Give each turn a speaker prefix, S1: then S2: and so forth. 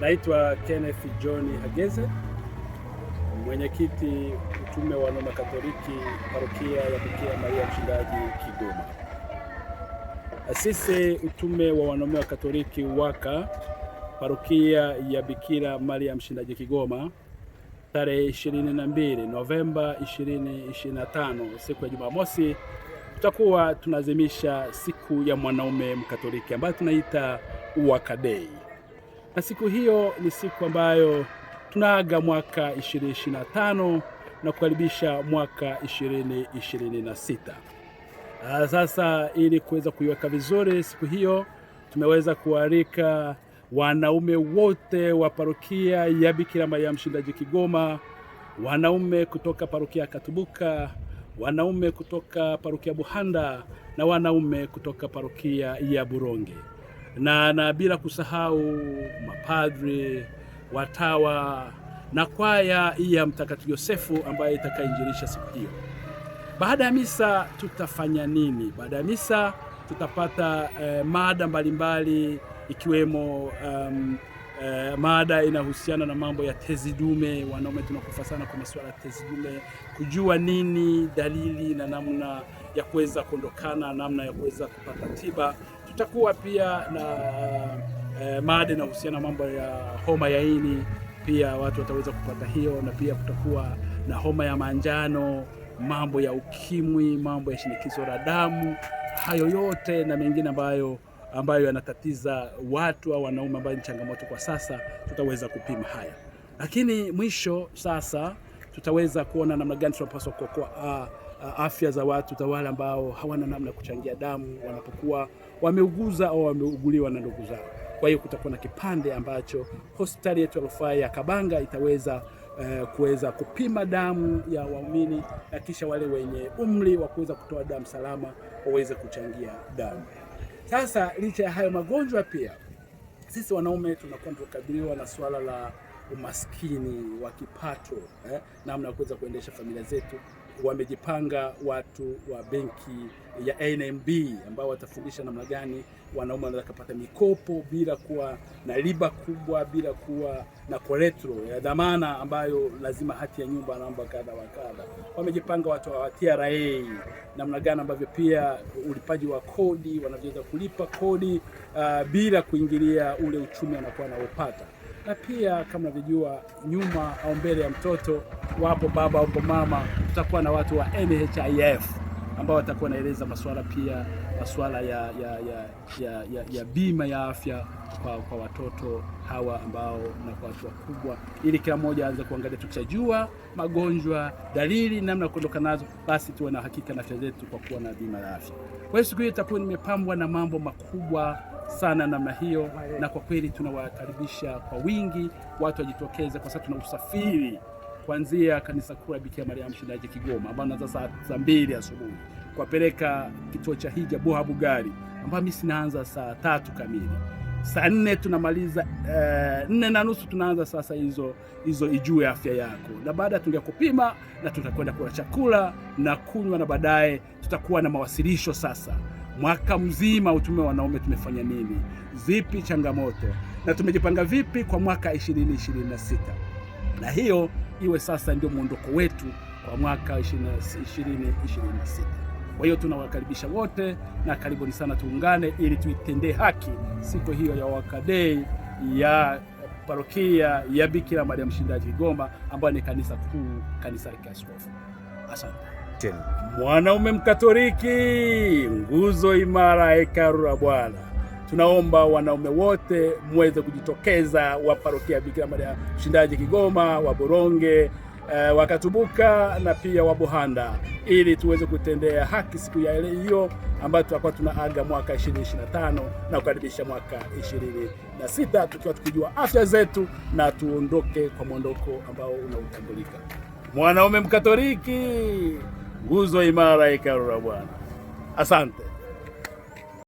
S1: Naitwa Kenneth John Hageze, mwenyekiti utume wa Wanaume Katoliki parokia ya Bikira Maria Mshindaji Kigoma. Sisi utume wa Wanaume wa Katoliki waka parokia ya Bikira Maria Mshindaji Kigoma tarehe 22 Novemba 2025 siku ya Jumamosi tutakuwa tunaadhimisha siku ya mwanaume Mkatoliki ambayo tunaita Uwaka Day na siku hiyo ni siku ambayo tunaaga mwaka 2025 na kukaribisha mwaka 2026. Ah, sasa ili kuweza kuiweka vizuri siku hiyo, tumeweza kualika wanaume wote wa parokia ya Bikira Maria Mshindaji Kigoma, wanaume kutoka parokia ya Katubuka, wanaume kutoka parokia Buhanda na wanaume kutoka parokia ya Buronge na, na bila kusahau mapadre, watawa na kwaya hii ya Mtakatifu Yosefu ambayo itakainjilisha siku hiyo. Baada ya misa tutafanya nini? Baada ya misa tutapata eh, mada mbalimbali ikiwemo um, eh, mada inahusiana na mambo ya tezi dume. Wanaume tunakufa sana kwa masuala ya tezi dume, kujua nini dalili na namna ya kuweza kuondokana, namna ya kuweza kupata tiba. Tutakuwa pia na eh, mada inahusiana mambo ya homa ya ini, pia watu wataweza kupata hiyo, na pia kutakuwa na homa ya manjano, mambo ya ukimwi, mambo ya shinikizo la damu, hayo yote na mengine ambayo ambayo yanatatiza watu au wanaume ambao ni changamoto kwa sasa, tutaweza kupima haya. Lakini mwisho sasa tutaweza kuona namna gani tunapaswa kuokoa ah, Uh, afya za watu tawala ambao hawana namna ya kuchangia damu wanapokuwa wameuguza au wameuguliwa na ndugu zao. Kwa hiyo kutakuwa na kipande ambacho hospitali yetu ya rufaa ya Kabanga itaweza uh, kuweza kupima damu ya waumini na kisha wale wenye umri wa kuweza kutoa damu salama waweze kuchangia damu. Sasa licha ya hayo magonjwa, pia sisi wanaume tunakuwa tukabiliwa na suala la umaskini wa kipato eh, namna ya kuweza kuendesha familia zetu. Wamejipanga watu wa benki ya NMB ambao watafundisha namna gani wanaume wanaweza kupata mikopo bila kuwa na riba kubwa, bila kuwa na koletro ya dhamana ambayo lazima hati ya nyumba namba kadha wa kadha. Wamejipanga watu wa TRA namna gani ambavyo pia ulipaji wa kodi wanavyoweza kulipa kodi uh, bila kuingilia ule uchumi anakuwa anaopata na pia kama unavyojua, nyuma au mbele ya mtoto wapo baba wapo mama, tutakuwa na watu wa NHIF ambao watakuwa wanaeleza masuala pia masuala ya, ya, ya, ya, ya, ya bima ya afya kwa, kwa watoto hawa ambao na kwa watu wakubwa, ili kila mmoja aanze kuangalia. Tukishajua magonjwa, dalili, namna ya kuondoka nazo, basi tuwe na hakika na afya zetu kwa kuwa na bima ya afya. Kwa hiyo siku hii itakuwa nimepambwa na mambo makubwa sana namna hiyo, na kwa kweli tunawakaribisha kwa wingi watu wajitokeze, kwa sababu tuna usafiri kuanzia kanisa kuu la Bikira Maria mshindaji Kigoma, ambao naanza saa mbili asubuhi kuwapeleka kituo cha hija Buha Bugari, ambayo mimi sinaanza saa tatu kamili, saa nne tunamaliza eh, nne na nusu tunaanza sasa hizo hizo ijue afya yako, na baada tungekupima na tutakwenda kula chakula na kunywa, na baadaye tutakuwa na mawasilisho sasa mwaka mzima utume wanaume tumefanya nini, zipi changamoto na tumejipanga vipi kwa mwaka 2026 na hiyo iwe sasa ndio mwondoko wetu kwa mwaka 2026. Kwa hiyo tunawakaribisha wote na karibuni sana, tuungane ili tuitendee haki siku hiyo ya wakadei ya parokia ya Bikira Maria Mshindaji Kigoma, ambayo ni kanisa kuu, kanisa la kiaskofu. Asante.
S2: Mwanaume Mkatoliki, nguzo imara, hekalu la Bwana. Tunaomba wanaume wote muweze kujitokeza wa parokia Bikira Maria Mshindaji Kigoma, wa Boronge eh, Wakatubuka na pia Wabuhanda ili tuweze kutendea haki siku ya hiyo ambayo tutakuwa tunaaga mwaka 2025 na kukaribisha mwaka 26 tukiwa tukijua afya zetu na tuondoke kwa mwondoko ambao unautambulika. Mwanaume Mkatoliki, nguzo imara ya hekalu la Bwana. Asante.